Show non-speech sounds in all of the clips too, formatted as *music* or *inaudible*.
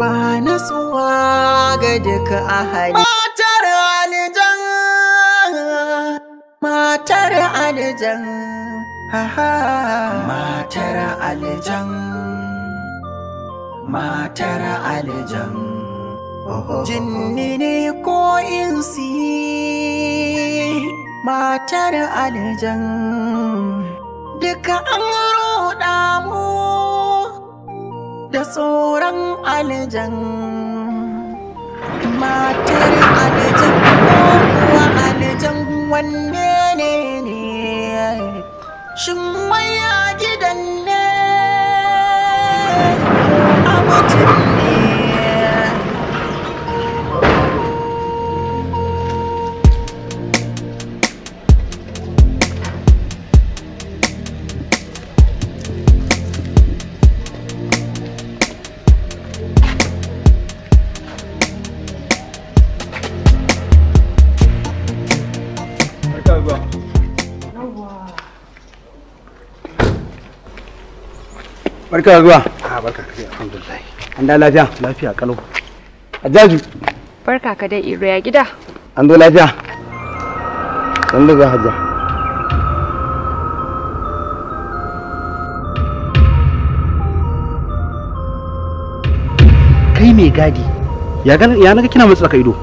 ba natsuwa ga duka ahali matar alijan matar alijan matar alijan matar alijan jinni ne ko insi matar alijan duka an roɗa mu da tsoron alijan matar alijan barka da zuwa a ah, barka alhamdulillah an da lafiya lafiya kalau ajaju barka ka dai iro ya gida an zo lafiya dan daga hajja kai mai gadi ya naga kina matsa ka ido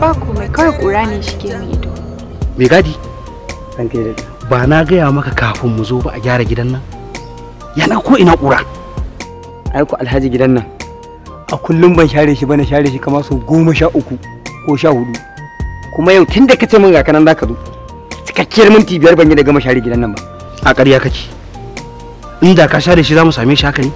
ba komai kawai kura ne shi ke ido mai gadi ba na gaya maka kafin mu zo ba a gyara gidan nan ya na ko ina ƙura ai ku alhaji gidan nan a kullum ban share shi bane share shi kamar su goma sha uku ko sha hudu kuma yau tun da kace min ga kanan zaka zo cikakkiyar minti biyar ban yi da gama share gidan nan ba a ƙarya kake inda ka share shi za mu same shi haka ne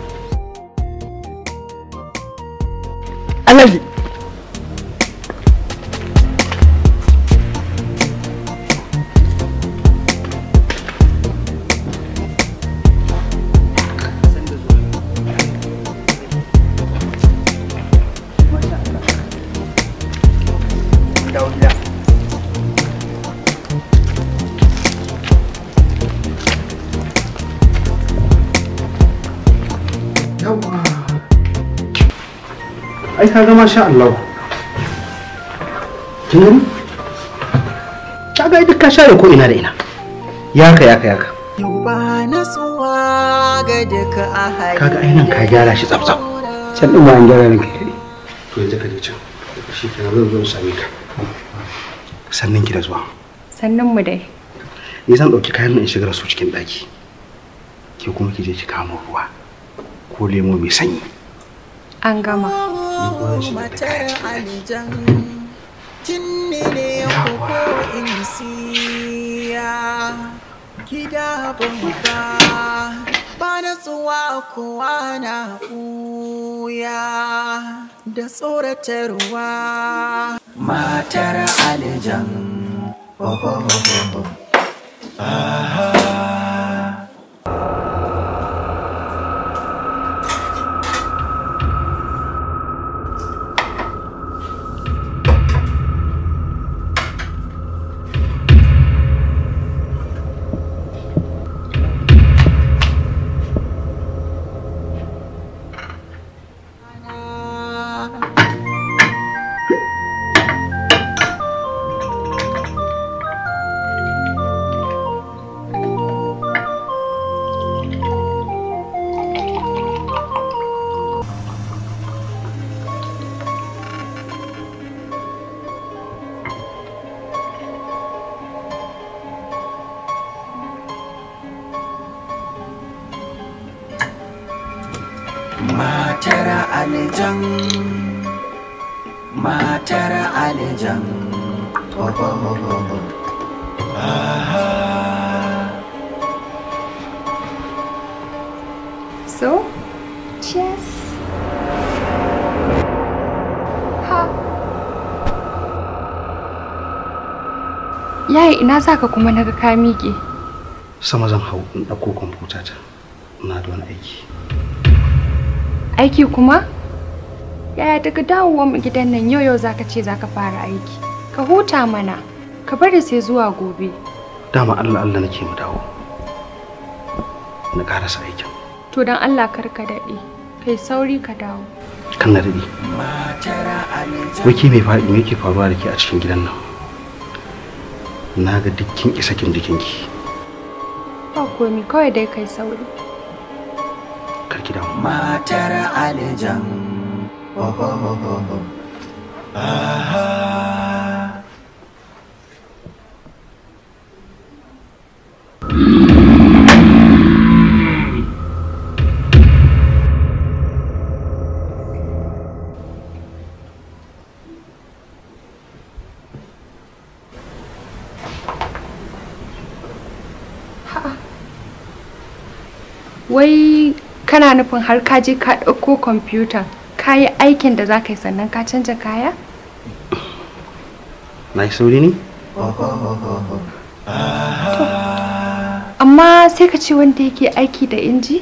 yawa ai ka gama sha Allah kin gani ka ga duk ka share ko ina da ina yaka yaka yaka ba ga kaga ainihin ka gyara shi tsaf-tsaf can ɗin bayan gyara ranka ya to yanzu ka je can shi ke zan zo sami ka sannan ki da zuwa sannan mu dai ni zan ɗauki kayan in shigar su cikin ɗaki ke kuma ki je ki kamo ruwa ko lemo mai sanyi an gama matar alijan ne ko insiya gida bamba ba na tsuwa kowa na kuya da tsoratarwa matar alijan oh, oh, oh, oh. Aha. matar aljan so cheers ha Yayi ina saka kuma naga ka mike sama zan hau in ɗauko kwamfuta ta na da wani aiki aiki kuma yaya daga dawowar mu gidan nan yau yau zaka ce zaka fara aiki ka huta mana ka bari sai zuwa gobe dama Allah Allah nake mu dawo na karasa aikin to dan Allah kar ka dade kai sauri ka dawo kan na dade wake mai faɗi me yake faruwa da ke a cikin gidan nan na ga dukkin isakin jikinki ba komi kawai dai kai sauri karki dawo. matar alijan Wai kana nufin har ka je ka ɗauko kwamfuta? ka yi aikin da za ka yi sannan ka canja kaya? na yi sauri ne? amma sai ka ce wanda yake aiki da inji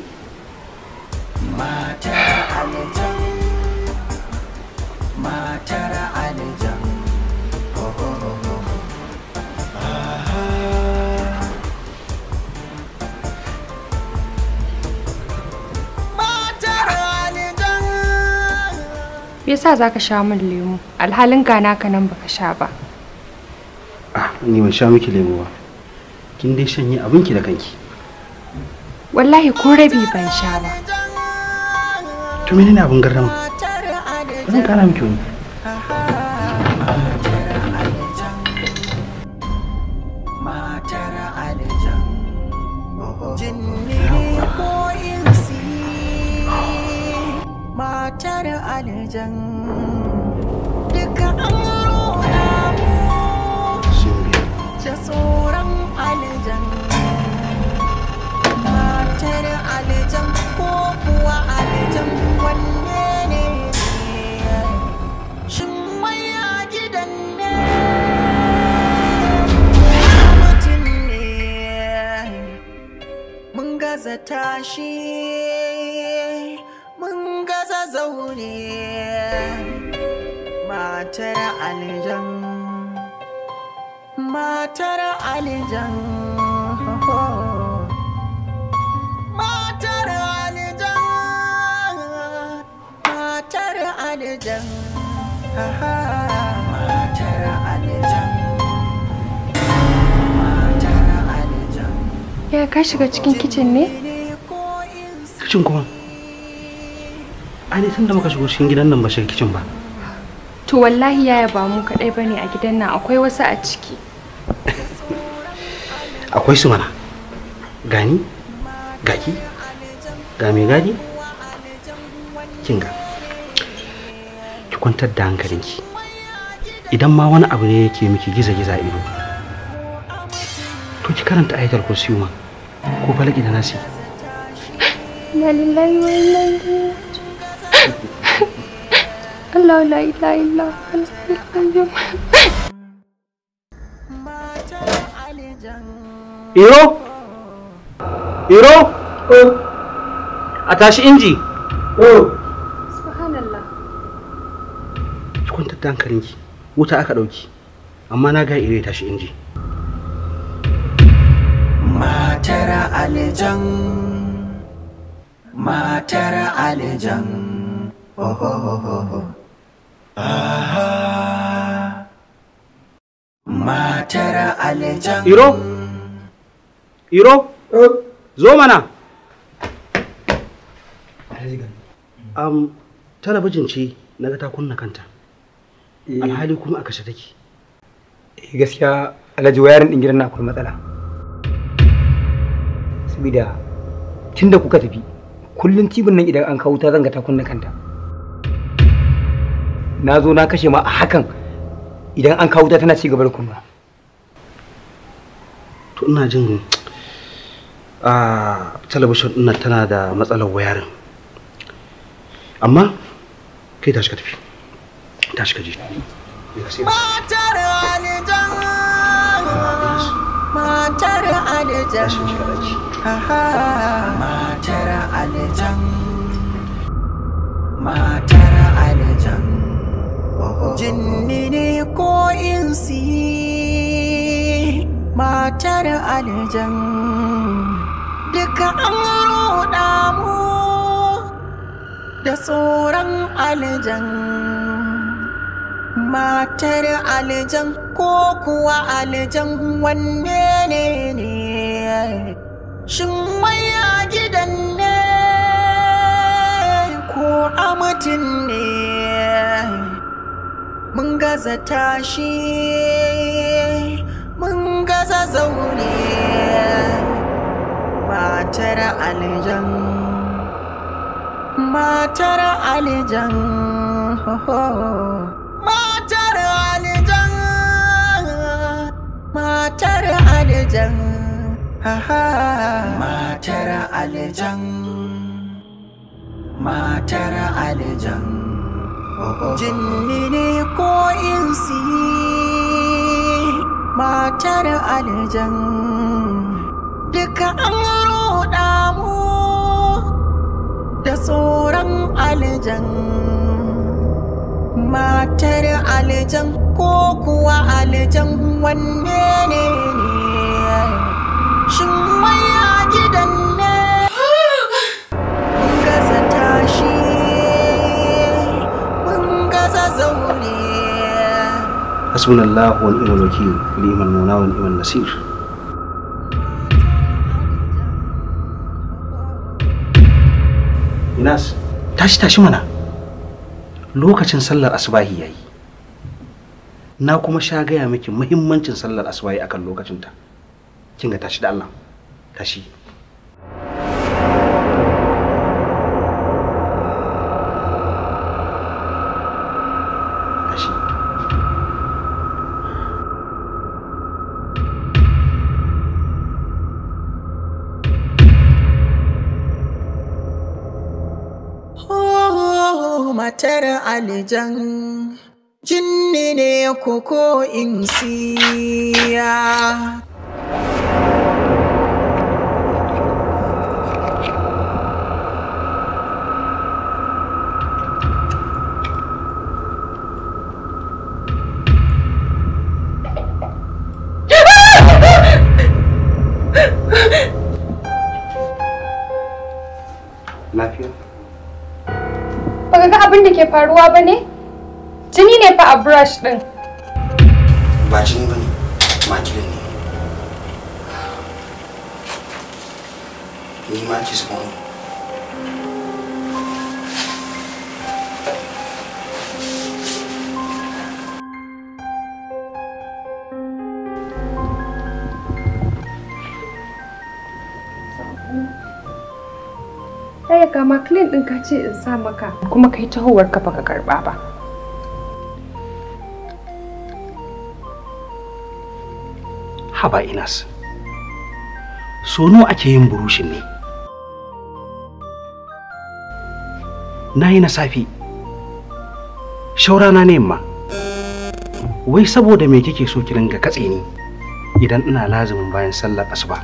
yasa za ka sha min lemu alhalin gana ka nan baka sha ba ah ni ban sha miki lemu ba kin dai shanye abinki da kanki wallahi ko rabi ban sha ba to menene abin garrama zan kana miki wani wajen duka an roƙa da tsoron alijan matar alijan ko kuwa alijan wanne ne shin waya gidan ne mutum ne mun gaza tashi mun gaza zaune matar alijan matar alijan matar alijan matar alijan matar alijan matar alijan ya ka shiga cikin kicin ne kicin kuma ani tun da muka shigo cikin gidan nan ba shiga kicin ba to wallahi yaya ba mu kaɗai ba ne a gidan nan akwai wasu a ciki *laughs* akwai su mana gani gaki ga mai gadi kinga ki kwantar da hankalinki idan ma wani abu ne yake miki giza-giza ido to ki karanta ayatul kursiyu ma ko falaki da nasi na lillahi wa Allah la ilaha illa Iro? Iro? A tashi inji? Oh. Subhanallah. Ki kwantar da hankalinki. Wuta aka ɗauki. Amma na ga Iro ya tashi inji. Matar Alijan. Matar Alijan. Oh, oh, oh, oh. oh. Aha. Matar Alijan. Iro? Iro? Eh? Zo mana. Um, talabijin ce na ga ta kunna kanta. Eh. Alhali kuma a kashe take. Eh, gaskiya alhaji wayarin ɗin gidan na akwai matsala. Sabida tunda kuka tafi kullum tibin nan idan an kawo ta zanga ta kunna kanta. na zo na kashe ma a hakan idan an kawo wuta tana ci gaba da kuma to ina jin a talabishin ina tana da matsalar wayarin amma kai tashi ka tafi tashi ka je matar alijan matar alijan matar alijan matar alijan jinni ne ko insi matar aljan duka an roɗa mu da tsoron aljan matar aljan ko kuwa aljan wanne ne ne shin a gidan ne ko a mutum ne mun gaza tashi mun gaza zaune matar alijan matar alijan matar alijan matar alijan matar alijan matar alijan jinni ne ko insi matar aljan duka an roɗa mu da tsoron aljan matar aljan ko kuwa aljan wanne ne ne hasbunallahu wa ni'mal wakeel ni'mal mawla wa ni'mal nasir Inas tashi tashi mana lokacin sallar asubahi yayi na kuma sha gaya miki muhimmancin sallar asubahi akan lokacinta kin ga tashi da Allah tashi tar alijan jinni ne ko insiya abin da ke faruwa ba ne? Jini ne fa a brush ɗin. Ba jini ba ne, makilin ne. Ni ma su zuwa ya kama clean din ka ce in sa maka kuma kai tahowar ka baka karba ba haba inas sono ake yin burushin ne na yi na safi shaurana ne ma wai saboda me kike so ki ringa katse ni idan ina lazumin bayan sallar asuba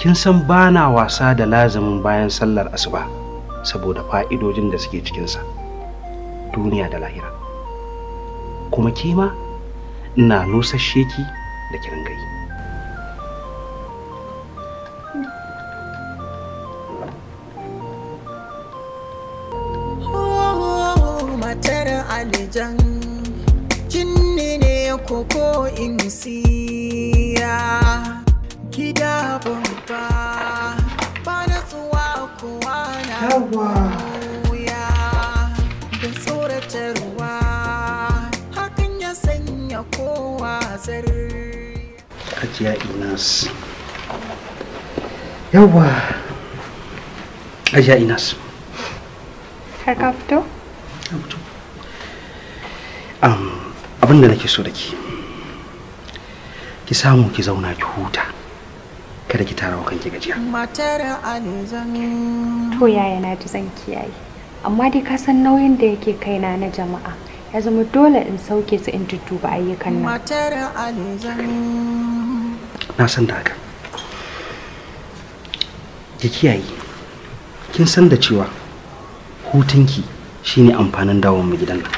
kin san ba na wasa da lazumin bayan sallar asuba saboda fa'idojin da suke cikinsa duniya da lahira kuma kima ina nusashe sheki da kirin jinni ne koko insiya yawa Hajiya Inas. Yawa! Hajiya Inas. Har ka fito? Na fito. Um, Abin da nake so da ke. Ki samu ki zauna ki huta. kada ki tara kan ki gajiya matar alizan to yaya na ji zan kiyaye amma dai ka san nauyin da yake kaina na jama'a ya zama dole in sauke su in tuttuba ayyukan nan na san da haka ki kiyaye kin san da cewa hutunki shine amfanin dawon mu gidan nan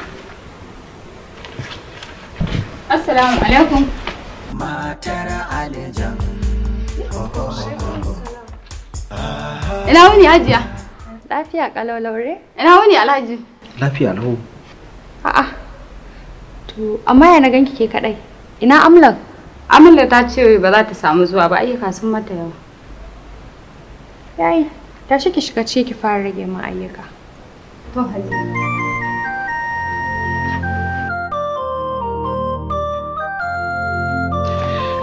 assalamu alaikum matar alijan Ina wuni ajiya? Lafiya kalau Ina wuni alhaji? Lafiya lau. A'a. To, amma ya na ganki ke kadai. Ina amlan? Amlan ta ce ba za ta samu zuwa ba ayyuka sun mata yawa. Yayi, tashi ki shiga ce ki fara rage min ayyuka. To, hajiya.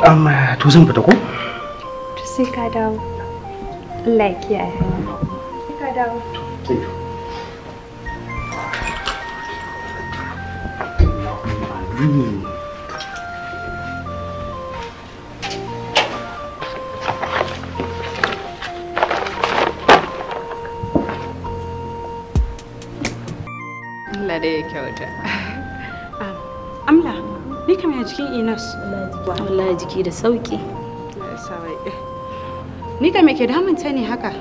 Um, to zan fita ko? sai ka dawo Allah ya kiyaye sai ka dawo Allah da ya kyauta. Amla, ni kamar ya jikin Inas? Wallahi jiki da sauki. Ni da me ke damun ta ne haka?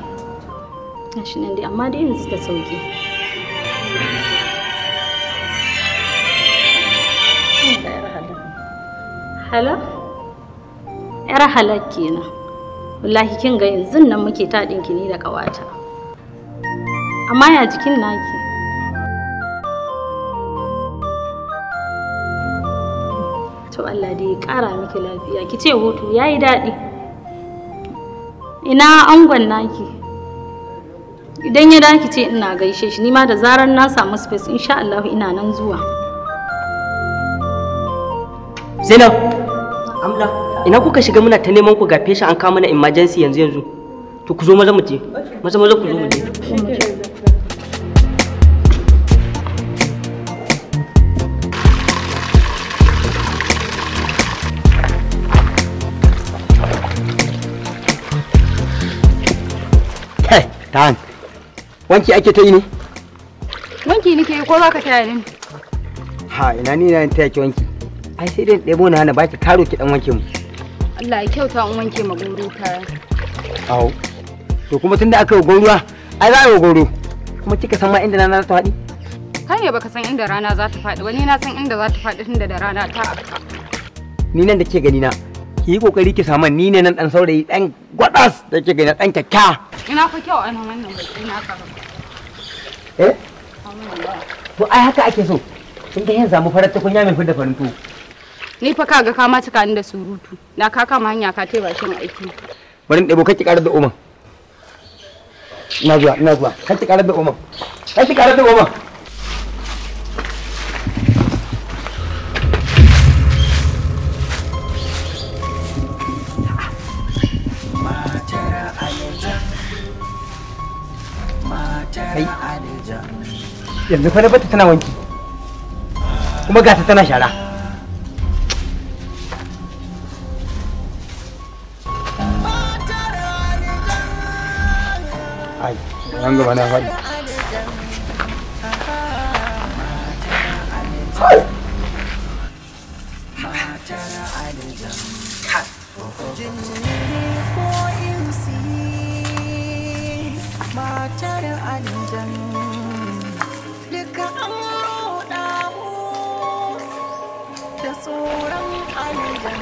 Gashi nan dai amma dai yanzu ta sauki. Hala? Yar halak kenan. Wallahi kin ga yanzu nan muke taɗin ki ni da ƙawata. Amma ya jikin naki? To Allah dai ya ƙara miki lafiya. Ki ce hutu yayi daɗi. ina angon naki idan ya daki ce ina gaishe shi nima da zarar na samu space insha Allah ina nan zuwa Zainab Amla ina kuka shiga muna ta neman ku ga feshi an kawo mana emergency yanzu yanzu to ku zo maza mu je maza maza ku zo mu je Tan. Wanki ake ta yi ne? Wanki yi, ko za ka taya ni? Ha ina ni na taya ki wanki. Ai sai dai ɗebo na ba baki karo ki dan wanke mu. Allah ya kyauta in wanke ma goro ta. Aho. To kuma tunda aka yi goruwa, ai za a yi goro. Kuma kika san ma inda na za ta faɗi? Kai ne baka san inda rana za ta faɗi Wani na san inda za ta faɗi tunda da rana ta. Ni nan da ke gani na, ki yi kokari ki samu ni ne nan dan saurayi dan gwadas da ke gani dan kyakkyawa. Ina fa kyau an Eh? To ai haka ake so. Tun da yin zamu farar tukunya mai fidda farin Ni fa kaga ka ma cika surutu. ka kama hanya ka taiba shi aiki. Bari in ɗebo kake ƙarar da Oman. Ina zuwa, ina zuwa. Kake ƙarar da Oman. Kake ƙarar da kai yanzu fa na bata tana wanki kuma gata tana shara ai an gaba na faɗi tsoron aljan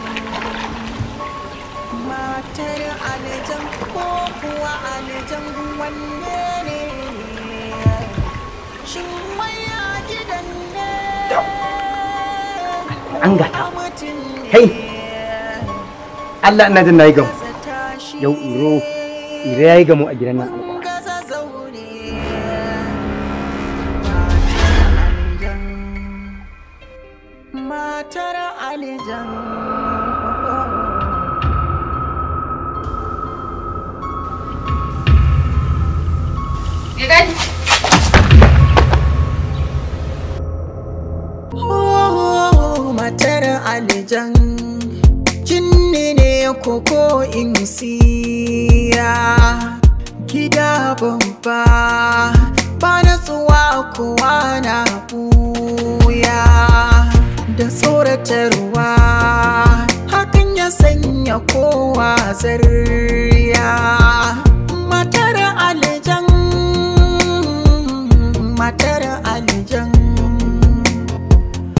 matar aljan ko kuwa aljan wanne ne shin maya gidan ne an gata kai Allah ina jin na yi gamu yau iro ire ya yi gamu a gidan nan alijan jinni ne koko insiya gida babba ba na tsuwa kowa na buya da tsoratarwa hakan ya sanya kowa zarriya